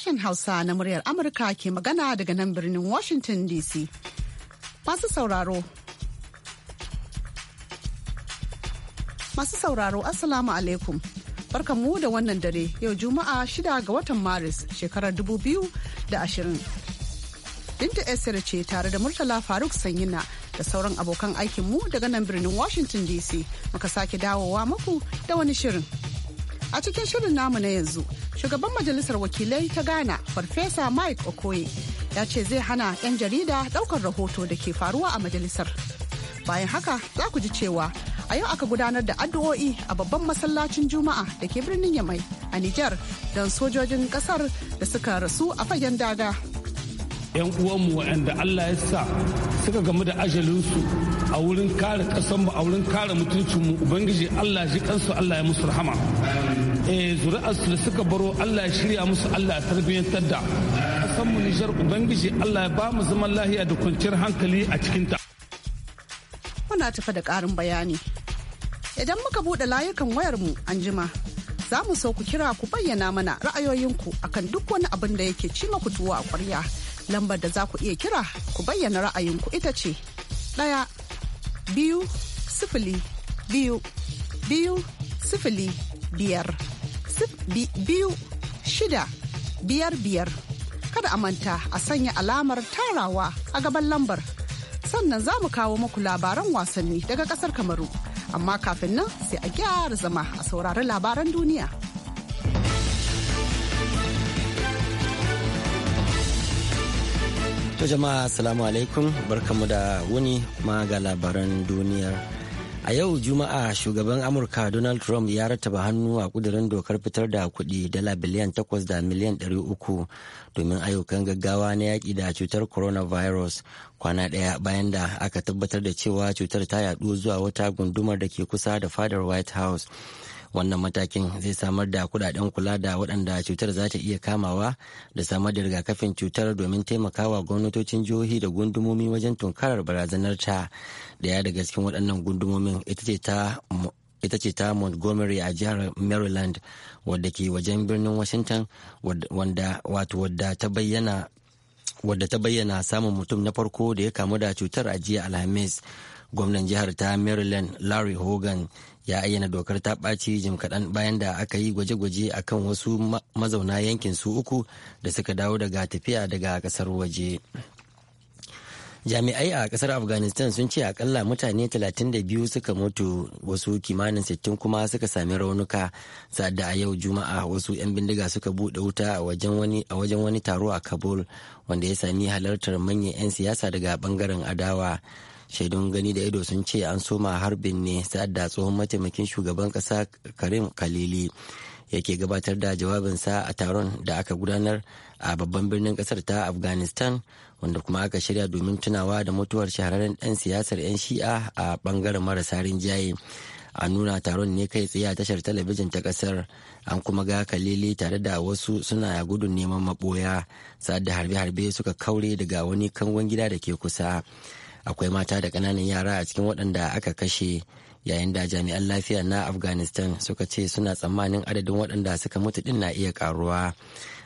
sashen Hausa na muryar Amurka ke magana daga nan birnin Washington DC. Masu sauraro. Masu sauraro, Assalamu alaikum. Barkanmu da wannan dare yau Juma'a shida ga watan Maris shekarar 2020. Binta Esir ce tare da Murtala Faruk Sanyina da sauran abokan aikinmu daga nan birnin Washington DC muka sake dawowa muku da wani shirin. A cikin shirin namu na yanzu, shugaban majalisar wakilai ta Ghana, Farfesa Mike Okoye, ya ce zai hana 'yan jarida ɗaukar rahoto da ke faruwa a majalisar. Bayan haka za ku ji cewa a yau aka gudanar da addu'o'i a babban masallacin Juma'a da ke birnin Yamai a Nijar don sojojin kasar da suka rasu a fagen daga. 'Yan uwanmu waɗanda Allah ya sa suka gamu da ajalinsu a wurin kare kasanmu a wurin kare mutuncinmu ubangiji allah ji kansu allah ya musu rahama Eh, zuri'arsu da suka baro Allah ya shirya musu Allah ya tarbiyyantar da mu nishar Ubangiji Allah ya ba mu zaman lahiya da kwanciyar hankali a cikinta. Muna tafa da ƙarin bayani. Idan muka buɗe layukan wayarmu an jima, za mu so ku kira ku bayyana mana ra'ayoyinku akan duk wani abin da yake ci maku tuwo a ƙwarya. Lambar da za ku iya kira ku bayyana ra'ayinku ita ce ɗaya biyu sifili biyu biyu sifili biyar biyu shida biyar biyar kada a manta a sanya alamar tarawa a gaban lambar sannan za mu kawo muku labaran wasanni daga kasar kamaru amma kafin nan sai a gyara zama a saurari labaran duniya to jama'a assalamu alaikum barkamu da wuni kuma ga labaran duniyar A yau Juma'a shugaban Amurka Donald Trump ya rattaba hannu a kudirin dokar fitar da kuɗi dala biliyan takwas da miliyan ɗari uku domin ayyukan gaggawa na yaƙi da cutar coronavirus kwana ɗaya bayan da aka tabbatar da cewa cutar ta yaɗu zuwa wata gundumar da ke kusa da fadar White House. wannan matakin zai samar da kudaden kula da waɗanda cutar za ta iya kamawa da samar da rigakafin cutar domin taimakawa gwamnatocin jihohi da gundumomi wajen tunkarar barazanar ta daya daga cikin waɗannan gundumomin ita ce ta ita ce montgomery a jihar maryland wadda ke wajen birnin washington wanda wadda ta bayyana wadda ta bayyana samun mutum na farko da ya kamu da cutar a jiya alhamis gwamnan jihar ta maryland larry hogan ya ayyana dokar ta ɓaci jim kaɗan bayan da aka yi gwaje-gwaje a kan wasu mazauna yankin su uku da suka dawo daga tafiya daga ƙasar waje jami'ai a ƙasar afghanistan sun ce akalla mutane 32 suka mutu wasu kimanin 60 kuma suka sami raunuka sa'adda a yau juma'a wasu 'yan bindiga suka buɗe wuta a wajen wani taro a kabul wanda ya sami halartar manyan 'yan siyasa daga bangaren adawa shaidun gani da ido sun ce an soma harbin ne sa'ad da tsohon mataimakin shugaban kasa karim khalili yake gabatar da jawabinsa a taron da aka gudanar a babban birnin kasar ta afghanistan wanda kuma aka shirya domin tunawa da mutuwar shahararren ɗan siyasar 'yan shi'a a bangaren marasa rinjaye a nuna taron ne kai tsaye a tashar talabijin ta kasar an kuma ga kalili tare da wasu suna gudun neman maboya sa'ad da harbe-harbe suka kaure daga wani kangon gida da ke kusa akwai mata da ƙananan yara a cikin waɗanda aka kashe yayin da jami'an lafiya na afghanistan suka ce suna tsammanin adadin waɗanda suka mutu ɗin na iya ƙaruwa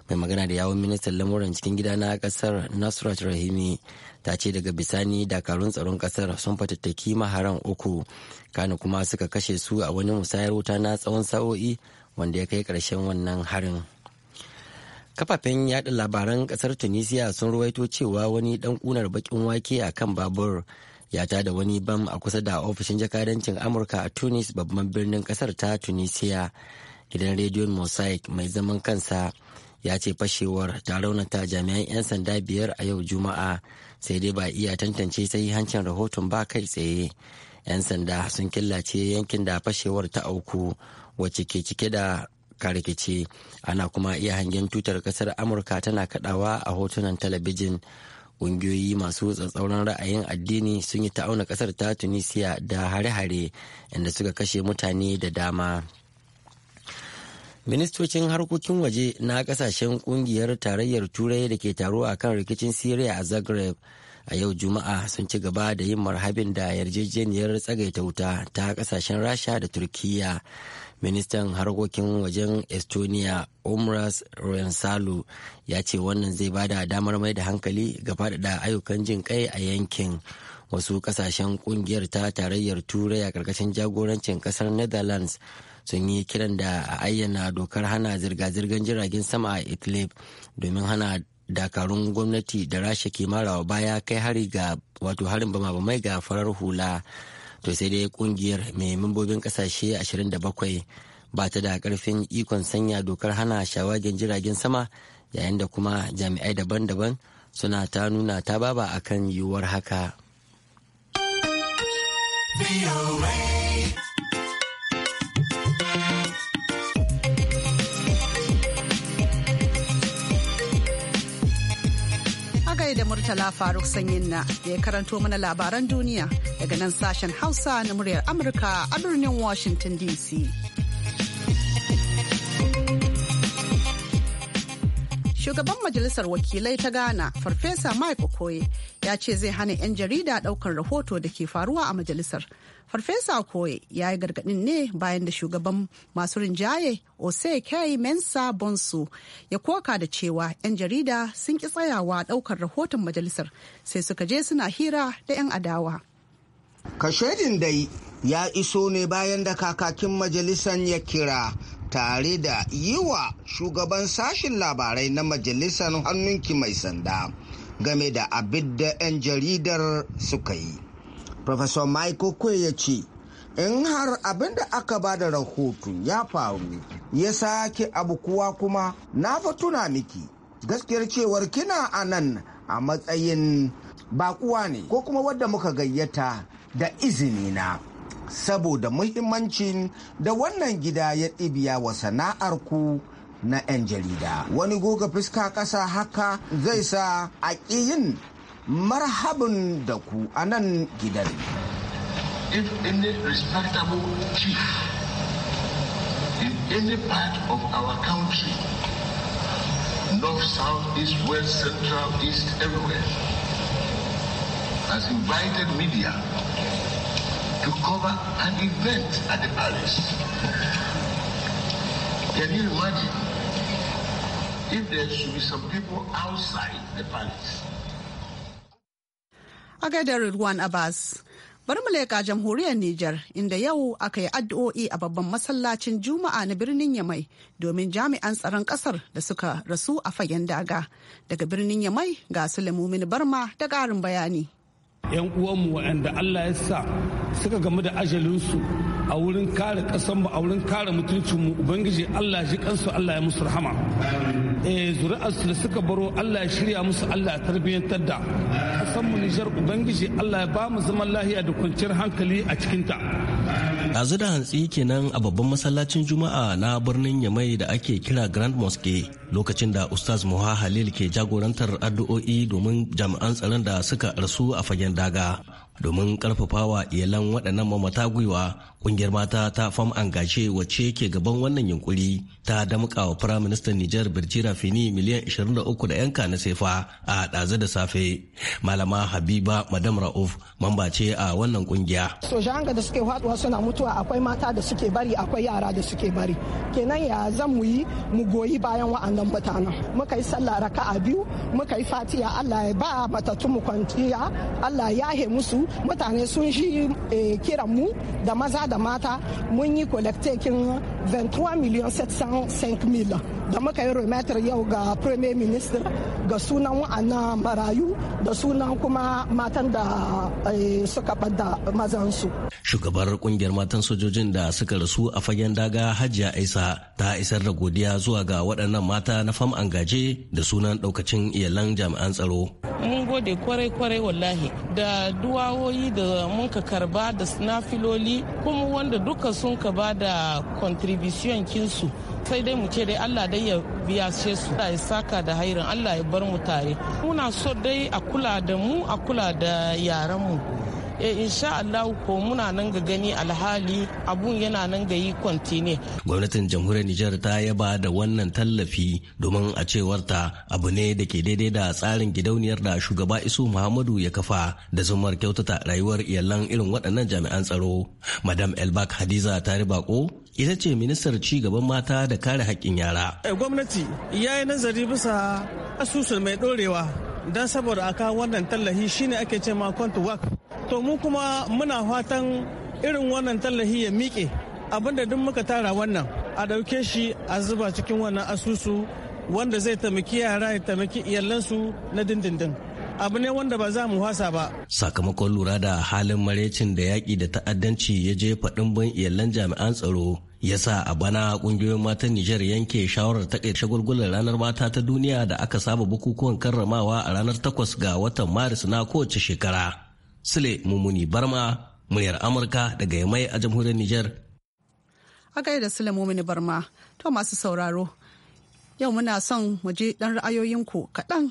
mai magana da yawon ministan lamuran cikin gida na ƙasar nasrat rahimi ta ce daga bisani dakarun tsaron ƙasar sun fatattaki maharan uku kana kuma suka kashe su a wani musayar wuta na tsawon sa'o'i wanda ya kai ƙarshen wannan harin kafafen yada labaran kasar tunisia sun ruwaito cewa wani dan kunar bakin wake a kan babur ya ta da wani bam a kusa da ofishin jakadancin amurka a tunis babban birnin kasar ta tunisia gidan rediyon mosaic mai zaman kansa ya ce fashewar ta raunata jami'an 'yan sanda biyar a yau juma'a sai dai ba iya tantance sai hancin rahoton ba kai tsaye 'yan sanda sun killace yankin da fashewar ta auku wacce ke cike da ka rikici ana kuma iya hangen tutar kasar amurka tana kadawa a hotunan talabijin ƙungiyoyi masu tsatsauran ra'ayin addini sun yi ta'auna kasar ta tunisia da hare-hare inda suka kashe mutane da dama ministocin harkokin waje na kasashen kungiyar tarayyar turai da ke taro a kan rikicin syria a zagreb a yau juma'a sun ci gaba da yin marhabin da yarjejeniyar tsagaita wuta ta kasashen rasha da turkiyya. ministan harkokin wajen estonia umras rensalu ya ce wannan zai bada damar mai da hankali ga faɗaɗa ayyukan jin kai a yankin wasu kasashen kungiyar ta tarayyar turai a karkashin jagorancin kasar netherlands sun yi kiran da a ayyana dokar hana zirga-zirgar jiragen sama a idlib domin hana dakarun gwamnati da rasha ke marawa baya kai hari ga wato harin bama-bamai ga farar hula to sai dai kungiyar mai mambobin kasashe 27 ba ta da karfin ikon sanya dokar hana shawagin jiragen sama yayin da kuma jami'ai daban-daban suna ta nuna ta baba akan yiwuwar haka. Murtala Faruk Sanyin na da ya karanto mana labaran duniya daga nan sashen Hausa na muryar Amurka a birnin Washington DC. Shugaban Majalisar Wakilai ta Ghana, Farfesa Mike Okoye, ya ce zai hana 'yan jarida ɗaukar rahoto da ke faruwa a majalisar. Farfesa Okoye ya yi gargaɗin ne bayan da shugaban masu rinjaye Ose kai Mensa Bonsu ya koka da cewa 'yan jarida sun ki tsayawa ɗaukar rahoton majalisar sai suka je suna hira da 'yan adawa. Kashedin dai ya iso ne bayan da kakakin majalisar ya kira tare da yi wa shugaban sashin labarai na majalisar hannunki mai sanda game da abin da 'yan jaridar suka yi. Professor Michael Kwe ya ce, in har abin da aka ba da rahoto ya faru ya sake abu kuwa kuma na fa tuna miki gaskiyar cewar kina a nan a matsayin bakuwa ne ko kuma wadda muka gayyata da izini na. saboda muhimmancin da wannan gida ya ɗibiya wa sana'ar ku na 'yan jarida wani goga fuska ƙasa haka zai sa a yin marhabin da ku a nan gidan if any respectable chief in any part of our country north, south, east, west, central, east, everywhere, has invited media to cover an event at the palace. Can you imagine if there should be some people outside the palace? A gaidar Ruwan Abbas. Bari mu leƙa jamhuriyar Nijar inda yau aka yi addu'o'i a babban masallacin Juma'a na birnin Yamai domin jami'an tsaron ƙasar da suka rasu a fagen daga. Daga birnin Yamai ga Sulemumin Barma da ƙarin bayani. 'yan uwanmu waɗanda Allah ya sa suka gamu da ajalinsu a wurin kare kasanmu a wurin kare mutuncinmu ubangiji Allah shi kansu Allah ya musu rahama eh su da suka baro Allah ya shirya musu Allah ya tarbiyyantar da kasanmu Nijar ubangiji Allah ya ba mu zaman lahiya da kwanciyar hankali a cikin ta ɗazu da hantsi kenan a babban masallacin juma'a na birnin yamai da ake kira grand mosque lokacin da ustaz muha halil ke jagorantar addu'o'i domin jami'an tsaron da suka rasu a fagen daga domin karfafawa iyalan waɗannan mamata gwiwa ƙungiyar mata ta fam angace wacce ke gaban wannan yunkuri ta damƙa wa firaministan nijar birjira fini miliyan 23 da yanka na sefa a ɗazu da safe malama habiba madam ra'uf mamba ce a wannan kungiya ƙungiya sojanga da suke faduwa suna mutuwa akwai mata da suke bari akwai yara da suke bari kenan ya zan mu yi mu goyi bayan wa'annan mutanen muka yi sallah raka'a biyu muka yi fatiya allah ya ba matattu mu kwanciya allah ya he musu mutane sun shi eh, kiran mu da maza da mata mun yi kolektekin 23 miliyan 705 mila da muka yi remitter yau ga premier minister ga sunan wa'annan marayu da sunan kuma matan da eh, suka bada mazansu. shugabar kungiyar matan sojojin da suka rasu a fagen daga hajiya aisa ta isar da godiya zuwa ga waɗannan mata na fam angaje da sunan ɗaukacin iyalan jami'an tsaro mun gode kwarai kwarai wallahi da duwawoyi da mun ka karba da sinafiloli kuma wanda duka sun ka ba da contribution kinsu sai dai mu ce dai Allah dai ya biya ce su da ya saka da hairin Allah ya bar mu tare muna so dai a kula da mu a kula da yaran mu e insha Allah ko muna nan ga gani alhali abun yana nan ga yi kwantine. Gwamnatin jamhuriyar Nijar ta yaba da wannan tallafi domin a cewar ta abu ne da ke daidai da tsarin gidauniyar da shugaba Isu Muhammadu ya kafa da zumar kyautata rayuwar iyalan irin waɗannan jami'an tsaro. Madam Elbak Hadiza ta ko ita ce ministar ci gaban mata da kare haƙƙin yara. Eh, gwamnati ya yi nazari bisa asusun mai ɗorewa don saboda aka wannan tallahi shine ake ce ma work. To mu kuma muna fatan irin wannan tallahi ya miƙe abinda duk muka tara wannan a ɗauke shi a zuba cikin wannan asusu wanda zai taimaki yara ya taimaki iyalansu na dindindin. abu ne wanda ba za mu wasa ba. Sakamakon lura da halin marecin da yaƙi da ta'addanci ya je faɗin ban iyalan jami'an tsaro ya sa a bana ƙungiyoyin matan Nijar yanke shawarar taƙaita shagulgular ranar mata ta duniya da aka saba bukukuwan karramawa a ranar takwas ga watan Maris na kowace shekara. Sule Mumuni Barma, muryar Amurka daga Yamai a jamhuriyar Nijar. A da Sule Mumuni Barma, to masu sauraro, yau muna son mu je ɗan ra'ayoyinku kaɗan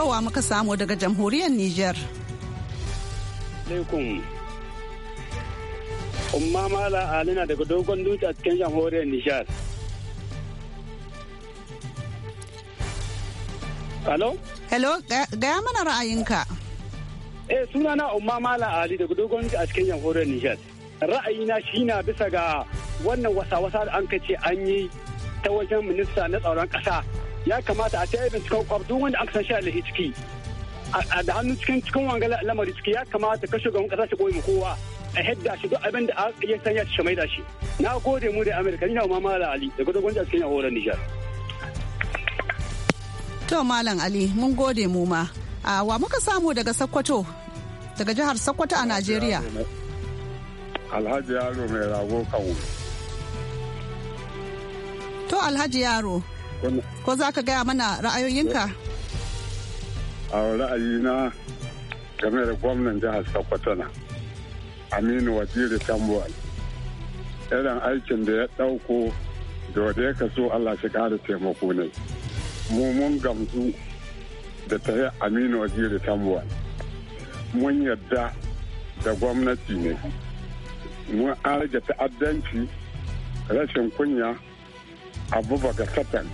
kawa muka samu daga jamhuriyar Nijar. Alaikum. Umma Mala Alina daga dogon dutse a cikin jamhuriyar Nijar. Halo? Halo, gaya mana ra'ayinka. Eh sunana Umma Mala Ali daga dogon dutse a cikin jamhuriyar Nijar. Ra'ayina shi na bisa ga wannan wasa-wasa da an kace an yi ta wajen minista na tsaron ƙasa ya kamata a ta yi binciken kwabdu wanda aka san shi alhi ciki da hannun cikin cikin wanga lamari ciki ya kamata ka shugaban kasa shi goyi kowa a hedda shi duk abin da ya san ya shi da shi na gode mu da amerika ni na ali da ali gudu dogon cikin yawon nijar. to malam ali mun gode mu ma a wa muka samu daga sokoto daga jihar sokoto a najeriya alhaji yaro mai rago kawo to alhaji yaro Ko za ka gaya mana ra'ayoyinka? A ra'ayi na game da gwamnan jihar Sokoto Aminu Waziri Tambuwal. Irin aikin da ya ɗauko da wanda ya kaso Allah shi ƙara taimako ne. Mu mun gamsu da ta yi Aminu Waziri Tambuwal. Mun yadda da gwamnati ne. Mun an rage ta'addanci, rashin kunya, a baga satan.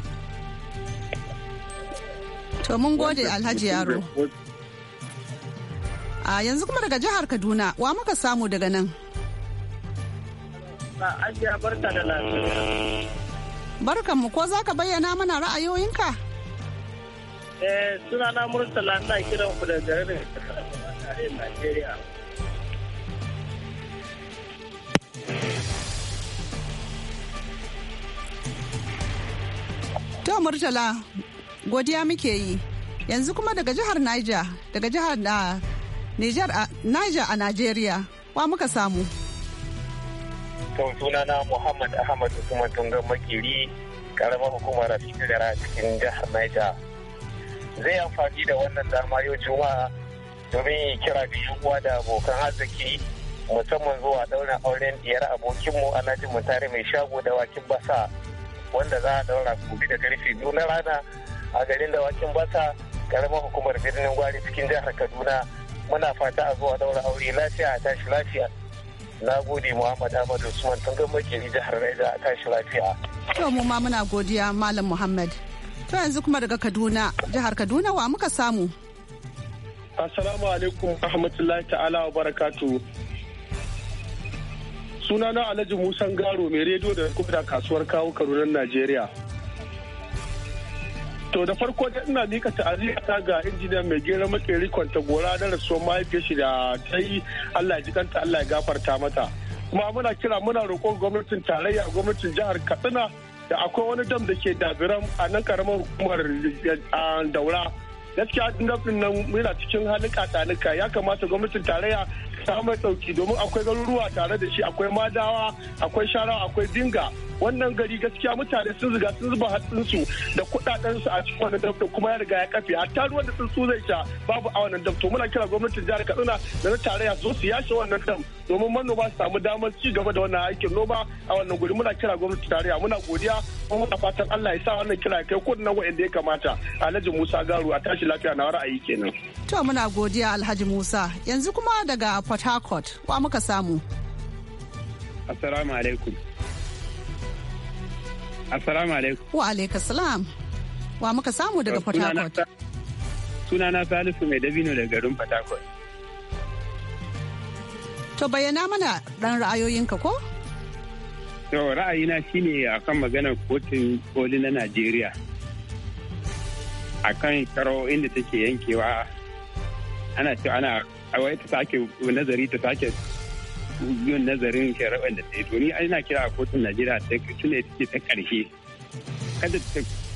To mun gode Alhaji Yaro. A yanzu kuma daga jihar Kaduna, wa muka samu daga nan? barka da lafiya. Barkanmu ko za ka bayyana mana ra'ayoyinka? Eh, suna na Murtala na kiran ku da garin Najeriya. To Murtala, godiya muke yi yanzu kuma daga jihar niger daga jihar da niger a niger a nigeria wa muka samu suna sunana muhammad ahmad usman tungan makiri karamar hukumar a cikin jihar niger zai amfani da wannan dama yau juma'a domin kira ga yan da abokan arziki musamman zuwa daura auren diyar abokinmu alhaji mutare mai shago da wakin basa wanda za a daura kudi da karfe biyu na rana a garin dawakin basa karamar hukumar birnin gwari cikin jihar kaduna muna fata a zuwa daura aure lafiya a tashi lafiya na gode muhammad ahmad usman tun gama kiri jihar raida a tashi lafiya to mu ma muna godiya malam muhammad to yanzu kuma daga kaduna jihar kaduna wa muka samu assalamu alaikum rahmatullahi ta'ala wa barakatu sunana alhaji musan garo mai rediyo da kuma kasuwar kawo karunan najeriya To da farko da ina mika ta'aziyata ta ga injiniya mai gera makeri kwanta gora da rasuwar mahaifiyar shi da ta yi Allah ji kanta Allah ya gafarta mata. Kuma muna kira muna roƙon gwamnatin tarayya gwamnatin jihar Katsina da akwai wani dam da ke dabiran a nan karamar hukumar daura. Gaskiya dam nan muna cikin halin katsanuka ya kamata gwamnatin tarayya samu mai sauki domin akwai garuruwa tare da shi akwai madawa akwai sharawa akwai dinga wannan gari gaskiya mutane sun zuga sun zuba hatsinsu da kudaden a cikin wannan dabto kuma ya riga ya kafe hatta ruwan da sun zai sha babu a wannan dabto muna kira gwamnatin jihar Kaduna da na tarayya zo su yashe wannan dam domin manoma su samu damar ci gaba da wannan aikin noma a wannan guri muna kira gwamnatin tarayya muna godiya kuma muna fatan Allah ya sa wannan kira kai ko nan wa'anda ya kamata Alhaji Musa Garu a tashi lafiya na ra'ayi kenan to muna godiya Alhaji Musa yanzu kuma daga Port Harcourt. Wa muka samu? Assalamu alaikum. Assalamu alaikum. Wa alaikum salam. Wa muka samu daga Port Harcourt? Sunana Salisu mai dabino daga garin Port Harcourt. To bayyana mana ɗan ra'ayoyinka ko? To ra'ayina shine akan maganar kotun koli na Najeriya. Akan karo inda take yankewa ana ce ana a wai ta sake nazari ta sake yin nazarin rabar da ta yi to ni ina kira a kotun najeriya ta tuna ita ta karshe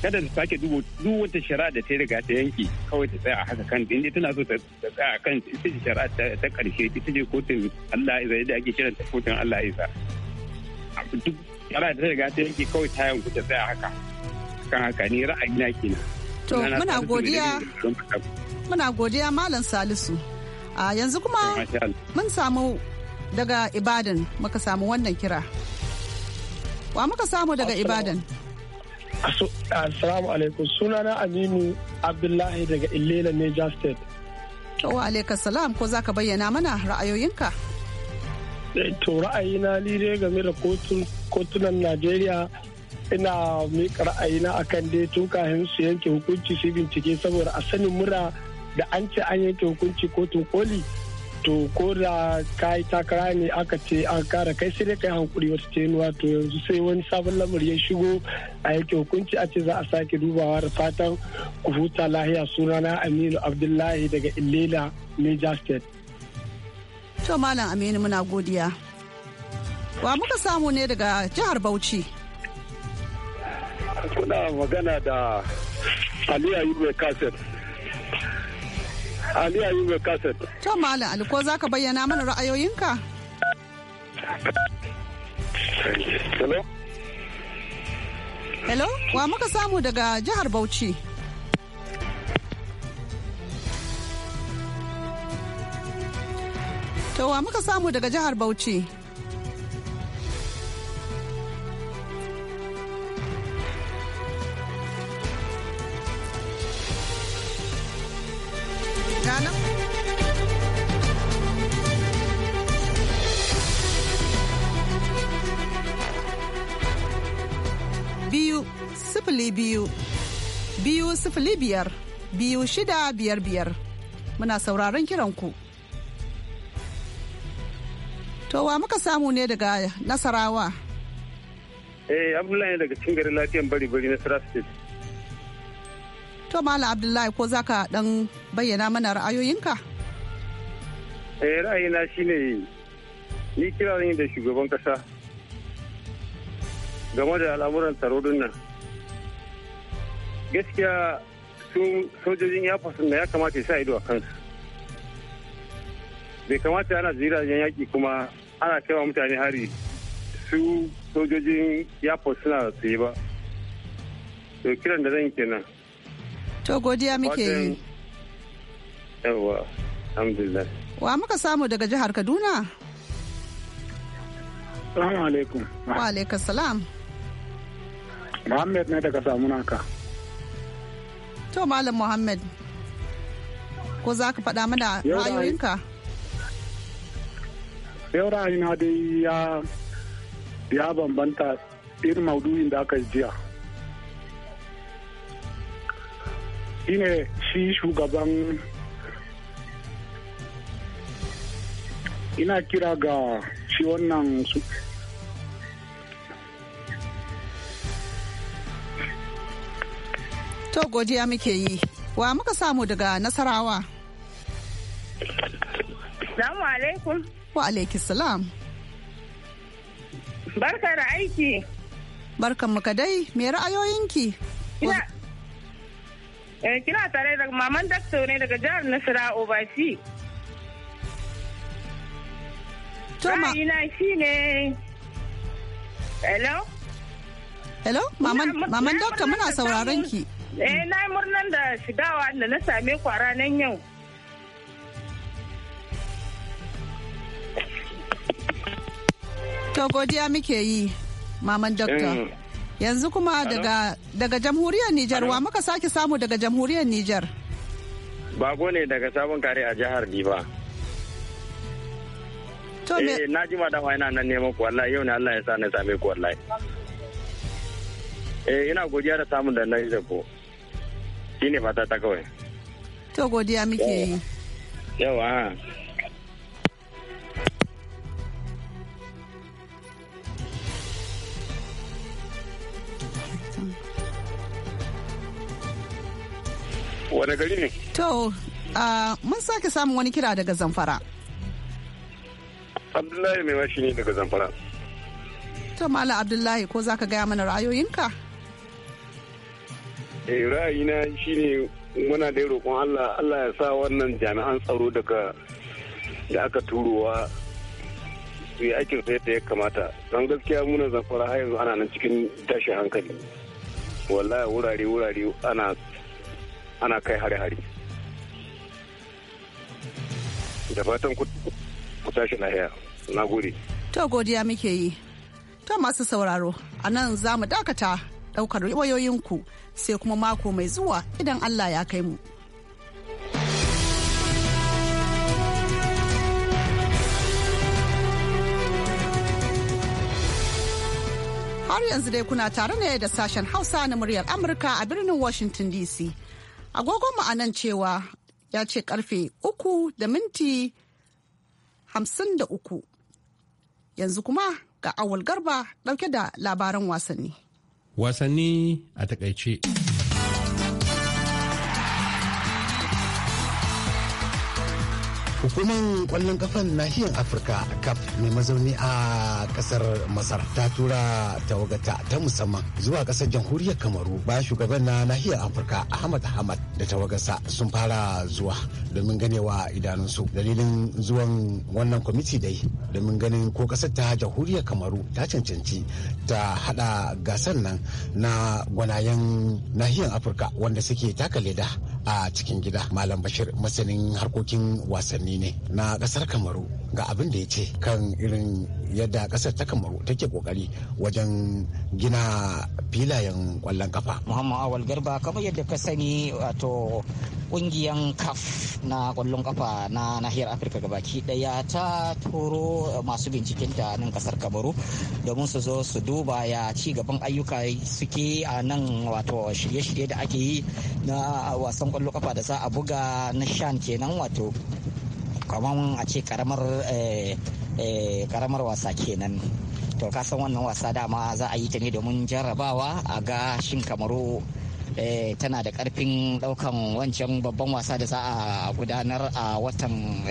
kada ta sake dubo duk wata shari'a da ta riga ta yanke kawai ta tsaya a haka kan inda tana so ta tsaya a kan ita ce shari'a ta karshe ita ce kotun Allah Isa yadda ake kiran ta kotun Allah Isa duk shari'a da ta riga ta yanke kawai ta yanku ta tsaya a haka kan haka ni ra'ayi na kenan to muna godiya muna godiya malam Salisu a yanzu kuma eh, mun samu daga ibadan muka samu wannan kira wa muka samu daga ibadan assalamu alaikum sunana aminu abdullahi daga illela Major state to wa alaikar salam ko zaka bayyana mana ra'ayoyinka eh, to ra'ayina ni dai game da kotunan najeriya ina miƙa ra'ayina akan dai tun kahin su yanke hukunci su bincike saboda a sanin mura da an ce an yanke hukunci kotun koli to ko da ka yi takara ne aka ce an kara kai sai dai kai hankuri wata tenuwa to yanzu sai wani sabon lamari ya shigo a yake hukunci a ce za a sake dubawa da fatan ku huta lahiya sunana aminu abdullahi daga illela niger state to malam aminu muna godiya wa muka samu ne daga jihar bauchi kuna magana da aliyu mai kasir Ali Ayuba Kasset. To Malam Ali ko za ka bayyana mana ra'ayoyinka? Hello? Hello? Wa muka samu daga jihar Bauchi? To wa muka samu daga jihar Bauchi? sifili biyar biyu shida biyar biyar muna sauraron kiranku. To wa muka samu ne daga Nasarawa? Eh Abdullahi daga cikin garin lafiyan bari bari na State. To Malam Abdullahi ko zaka dan bayyana mana ra'ayoyinka? Eh ra'ayina shine ni kira da shugaban kasa game da al'amuran tsaro nan. gaskiya su sojojin ya da ya kamata ya sa ido a kansu bai kamata ana jiragen yaƙi kuma ana kaiwa mutane hari su sojojin ya suna da su yi ba to kiran da zan kenan to godiya muke yi yawa alhamdulillah wa muka samu daga jihar kaduna salamu alaikum wa alaikum salam muhammad ne daga samunanka To Malam Muhammad, ko za ka faɗa mana ra'ayoyinka? Yau ra'ayina dai ya ya bambanta irin maudu'in da aka jiya. Shine shi shugaban ina kira ga shi wannan To godiya muke yi. Wa muka samu daga Nasarawa? Salamu alaikum. Wa alaiki salam. Barka da aiki. Barkan muka dai, me ra'ayoyinki? Kina eh, tare da maman dakto ne daga jihar Nasara Obasi. Toma. Ra'ayina shi ne. Hello? Hello? Maman dakta muna sauraron ki. Eh na yi murnan da shigawa da na same ku a ranar yau. To godiya muke yi, maman dokta. Eh. Yanzu kuma daga jamhuriyar Nijar wa muka sake samu daga jamhuriyar Nijar. Bago ne daga sabon kare a jihar Diba. To me eh, na ji madam ina nan neman ku wallahi yau ne Allah ya sa na same ku wallahi. Eh ina godiya da samun da na yi da ku. shi ne fata ta kawai to godiya muke yi yawa wane gari ne to mun sake samun wani kira daga zamfara abdullahi mai mashi ne daga zamfara to mala abdullahi ko za ka gaya mana ra'ayoyinka Eh, ra'ayina shine muna dai roƙon Allah Allah ya sa wannan jami'an tsaro daga da aka turowa su yi aikin sa da ya kamata don gaskiya muna zafara har yanzu ana nan cikin tashin hankali wallahi wurare wurare ana ana kai hare-hare da fatan ku tashi lahiya na gode to godiya muke yi to masu sauraro a nan za mu dakata ɗaukar wayoyinku sai kuma mako mai zuwa idan Allah ya kai mu. Har yanzu dai kuna tare ne da sashen Hausa na muryar Amurka a birnin Washington DC. Agogon mu anan cewa ya ce karfe uku da minti hamsin da uku. Yanzu kuma ga awal garba dauke da labaran wasanni. wasanni a takaice. Hukumar kwallon kafan nahiyar Afirka Cup mai mazauni a kasar Masar ta tura tawagata ta musamman zuwa kasar jamhuriyar Kamaru bayan shugaban na nahiyar Afirka Ahmad Ahmad da tawagarsa sun fara zuwa domin ganewa idanunsu dalilin zuwan wannan kwamiti dai domin ganin ko kasar ta jamhuriyar Kamaru ta cancanci ta hada gasar nan na gwanayen nahiyar Afirka wanda suke taka leda a cikin gida malam bashir masanin harkokin wasanni ne na kasar kamaru ga abin da ya ce kan irin yadda kasar ta kamaru take kokari wajen gina filayen kwallon kafa muhammad awal garba kamar yadda ka sani wato kungiyan kaf na kwallon kafa na nahiyar afirka gabaki daya ta turo masu binciken ta nan kasar kamaru domin su zo su duba ya ci gaban ayyuka suke a nan wato shirye-shirye da ake yi na wasan kwallon kafa da za a buga na shan kenan wato kamar a ce karamar eh, eh, karamar wasa kenan to kasan wannan wasa dama za a yi ta ne domin jarrabawa a ga shin kamaru eh, tana da karfin daukan wancan babban wasa da za a gudanar a watan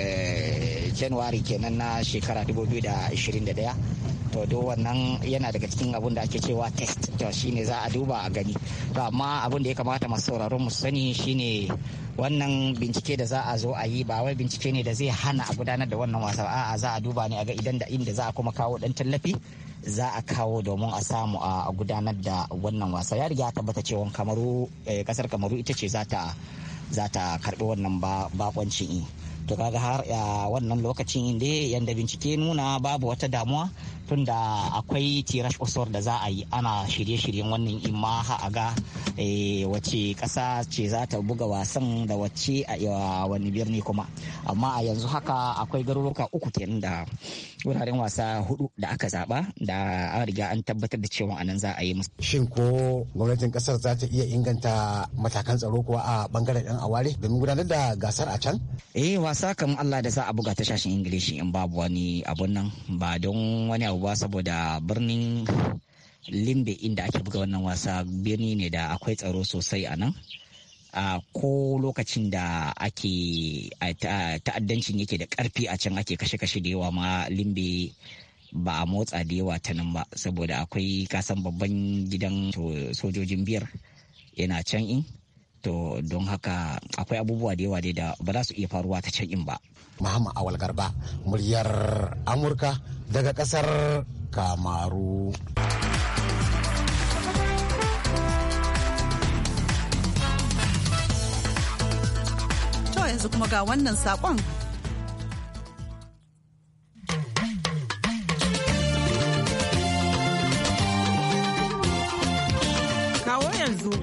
januwari kenan na shekara 2021 to do wannan yana daga cikin abun da ake cewa test to shine za a duba a gani to amma abin da ya kamata masu sauraron mu sani shine wannan bincike da za a zo a yi ba wai bincike ne da zai hana a gudanar da wannan wasa a za a duba ne a ga idan da inda za a kuma kawo dan tallafi za a kawo domin a samu a gudanar da wannan wasa ya riga tabbata cewa kamaru kasar eh, kamaru ita ce za ta za ta karbi wannan bakoncin to kaga har wannan lokacin inda yanda bincike nuna babu wata damuwa tun da akwai tirash kusur da za a yi ana shirye-shiryen wannan imma a ga eh, wace ƙasa ce za ta buga wasan da wace a wani birni kuma amma a yanzu haka akwai garuruka uku kenan da wuraren wasa hudu da aka zaba da an riga an tabbatar da cewa anan za a yi musu shin ko gwamnatin kasar za ta iya inganta matakan tsaro kuwa a bangaren yan aware domin gudanar da gasar a can eh wasa kamar Allah da za a buga ta shashin ingilishi in babu wani abun nan ba don wani abu ba saboda birnin limbe inda ake buga wannan wasa birni ne da akwai tsaro sosai a nan a ko lokacin da ake ta'addancin yake da karfi a can ake kashe-kashe da yawa ma limbe ba a motsa da yawa ta nan ba saboda akwai kasan babban gidan sojojin biyar yana can in to don haka akwai abubuwa da yawa dai da ba za su iya faruwa ta can in ba Muhammad Awal Garba muryar Amurka daga kasar Kamaru. To yanzu kuma ga wannan saƙon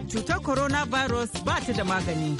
cutar coronavirus ba ta da magani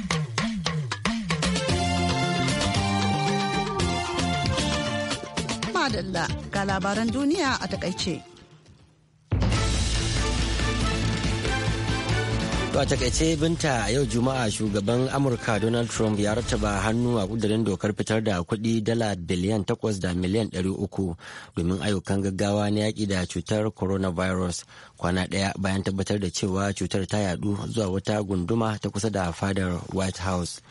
madalla ga labaran duniya a takaice. To a takaice binta a yau juma'a shugaban Amurka Donald Trump ya rataba hannu a kudurin dokar fitar da kuɗi dala biliyan takwas da miliyan ɗari uku domin ayyukan gaggawa na yaƙi da cutar coronavirus kwana ɗaya bayan tabbatar da cewa cutar ta yadu zuwa wata gunduma ta kusa da fadar White House.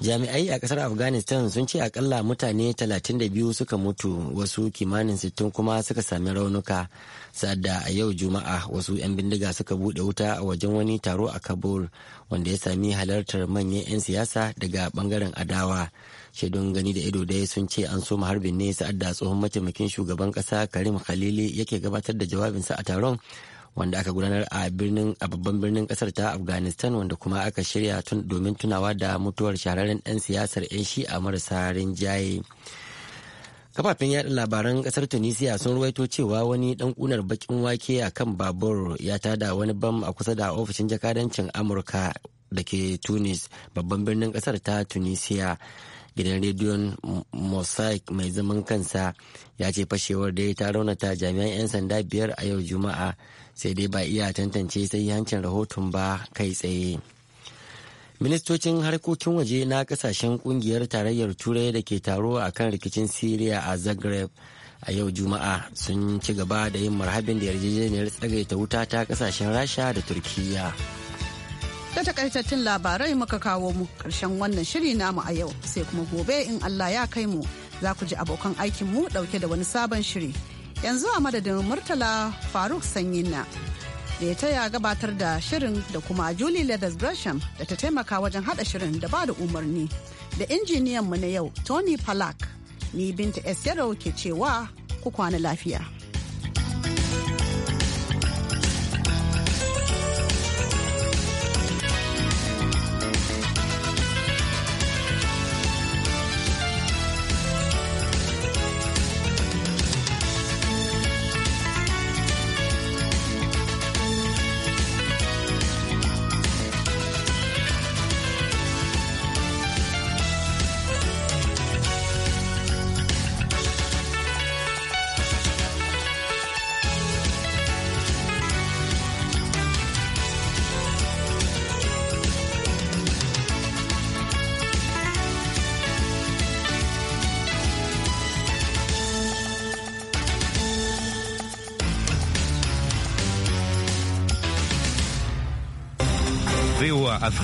jami'ai a kasar afghanistan sun ce akalla mutane 32 suka mutu wasu kimanin 60 kuma suka sami raunuka sadda a yau juma'a wasu 'yan bindiga suka bude wuta a wajen wani taro a kabul wanda ya sami halartar manyan 'yan siyasa daga bangaren adawa shaidun gani da ido dai sun ce an soma harbin ne sa'adda tsohon mataimakin shugaban kasa karim khalili yake gabatar da jawabinsa a taron wanda aka gudanar a birnin a babban birnin kasar ta afghanistan wanda kuma aka shirya domin tunawa da mutuwar shahararren dan siyasar 'yan shi a marasa rinjaye kafafen yada labaran kasar tunisia sun ruwaito cewa wani dan kunar bakin wake a kan babur ya tada wani bam a kusa da ofishin jakadancin amurka da ke tunis babban birnin kasar ta tunisia gidan rediyon mosaic mai zaman kansa ya ce fashewar da ya ta raunata jami'an 'yan sanda biyar a yau juma'a sai dai ba iya tantance sai hancin rahoton ba kai tsaye ministocin harkokin waje na kasashen kungiyar tarayyar turai da ke taro a kan rikicin syria a zagreb a yau juma'a sun ci gaba da yin marhabin da yarjejeniyar tsagaita wuta ta kasashen rasha da turkiyya Da takaitattun labarai muka kawo mu karshen wannan shiri namu a yau sai kuma gobe in Allah ya kai mu za ku ji abokan aikin mu dauke da wani sabon shiri. Yanzu a madadin Murtala Faruk Sanyina da ya taya gabatar da shirin da kuma Julie Leathers Gresham da ta taimaka wajen hada shirin da ba da umarni da injiniyan mu na yau Tony Palak ni binta S. ke cewa ku kwana lafiya.